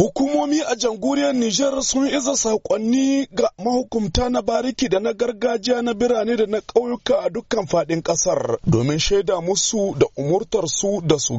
Hukumomi a jamhuriyar Nijar sun isa saƙonni ga mahukumta na bariki da na gargajiya na birane da na ƙauyuka a dukkan faɗin ƙasar domin shaida musu da umurtarsu da su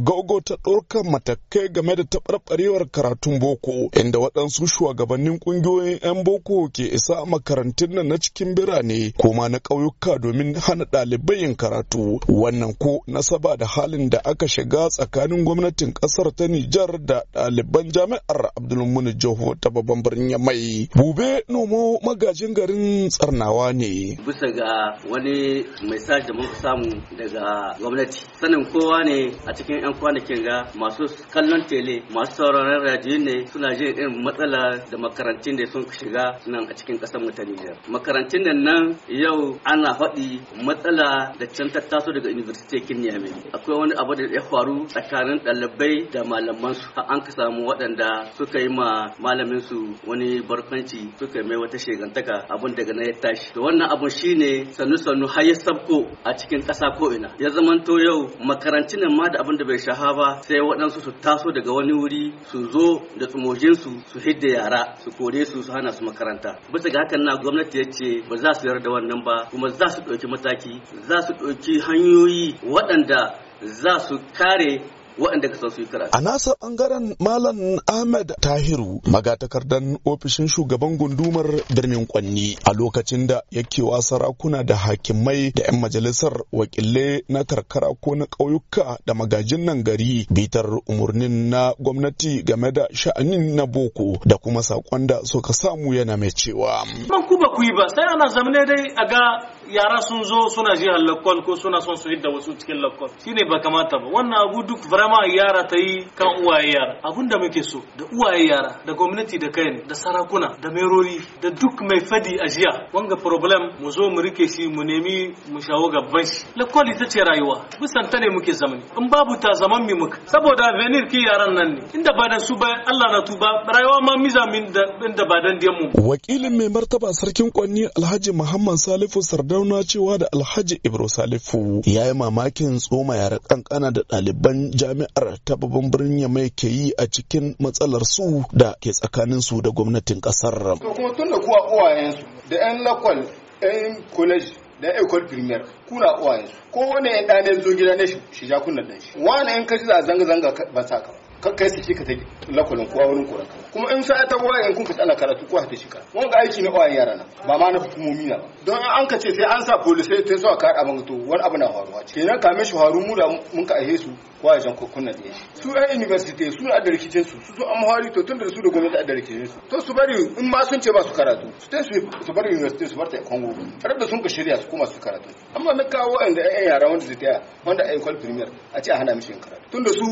ta ɗaukar matakai game da taɓarɓarewar karatun boko inda waɗansu shugabannin ƙungiyoyin 'yan boko ke isa makarantun na cikin birane ko ma na ƙauyuka domin hana ɗalibai yin karatu wannan ko nasaba da halin da aka shiga tsakanin gwamnatin ƙasar ta Nijar da ɗaliban jami'ar Abdul abdulmuni joho ta babban birnin mai bube nomo magajin garin tsarnawa ne bisa ga wani mai da muka samu daga gwamnati sanin kowa ne a cikin yan kwanakin ga masu kallon tele masu sauraron radiyo ne suna jin irin matsala da makarantun da sun shiga nan a cikin kasar mu ta Nijar makarantun nan yau ana faɗi matsala da can ta taso daga university Kenya akwai wani abu da ya faru tsakanin ɗalibai da malaman su an ka samu waɗanda suka yi ma malamin su wani barkwanci suka mai wata shegantaka abun daga na ya tashi to wannan abun shine sannu sanu har ya sabko a cikin ƙasa ko ina ya zamanto yau makarantu ma da abin da bai shaha ba sai waɗansu su taso daga wani wuri su zo da tsumojin su su hidda yara su kore su su hana su makaranta bisa ga hakan na gwamnati ya ce ba za su yarda wannan ba kuma za su ɗauki mataki za su ɗauki hanyoyi waɗanda za su kare waɗanda ka su yi A nasa ɓangaren Malam Ahmed Tahiru magatakardan ofishin shugaban gundumar birnin Kwanni a lokacin da yake sarakuna da hakimai da 'yan majalisar wakilai na karkara ko na ƙauyuka da magajin nan gari bitar umarnin na gwamnati game da sha'anin na boko da kuma saƙon da suka samu yana mai cewa. Ban ku ba ku yi ba sai ana zamne dai a ga yara sun zo suna jihar lakwal ko suna son su hidda wasu cikin lakwal shine ba kamata ba wannan abu duk vraiment yara ta yi kan uwaye yara abun da muke so da uwaye yara da gwamnati da kai da sarakuna da merori da duk mai fadi a jiya wanga problem mu zo mu rike shi mu nemi mu shawo gaban shi lakon ita ce rayuwa bisan ta ne muke zamani in babu ta zaman mi muka saboda venir ki yaran nan ne inda ba dan su ba Allah na tuba rayuwa ma mizamin da inda ba dan diyan mu wakilin mai martaba sarkin kwanni Alhaji Muhammad Salifu Sardar sardauna cewa da alhaji ibro salifu ya yi mamakin tsoma yara kankana da ɗaliban jami'ar ta babban birnin ya mai ke yi a cikin matsalar su da ke tsakanin su da gwamnatin kasar kuma tun da kuwa uwayensu da 'yan lakwal ƴan college da ecole primaire kuna uwayensu ko wani ɗan zo gida ne shi ja kunnan shi wani kashi za a zanga zanga ba sa ka kakkai su shi ka ta lakulin kuwa wurin kuran kuma in sa'a ta wayan yankun ka tsala karatu kuwa ta shika ga aiki na wayan yara na ba ma na hukumomi na ba don an ka ce sai an sa polisai ta zuwa ka haɗa mangato wani abu na faruwa ce nan kame shi faru mu da mun ka aihe su kuwa yajen kokunan da shi su ɗan university su na da rikicin su su an hawari to tun da su da gwamnati da rikicin su to su bari in ma sun ce ba su karatu su ta su bari university su bar ta kongo har da sun ka shirya su kuma su karatu amma na kawo wanda ɗan yara wanda zai taya wanda a yi kwal premier a ce a hana mishi yin karatu tun da su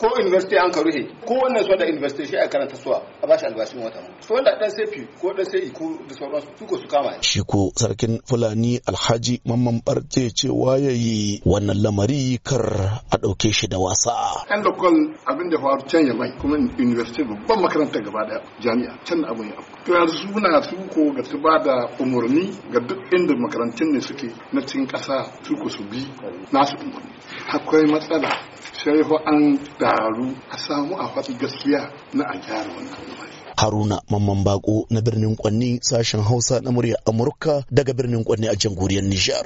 ko university an ka rufe ko wannan suwa da university shi a karanta suwa a bashi albashin wata su wanda dan sefi ko dan sai iko da sauransu su ko su kama shi ko sarkin fulani alhaji mamman barce cewa yayi wannan lamari kar a dauke shi da wasa an da kon abin da faru can ya mai kuma university babban makaranta gaba daya jami'a can abin ya to yanzu suna su ko ga su ba da umarni ga duk inda makarantun ne suke na cikin kasa su ko su bi nasu umurni akwai matsala sai an daru a samu a faɗi gaskiya na a gyara wannan Haruna Mamman Bako na birnin Kwanni sashen Hausa na murya Amurka daga birnin Kwanni a jamhuriyar Nijar.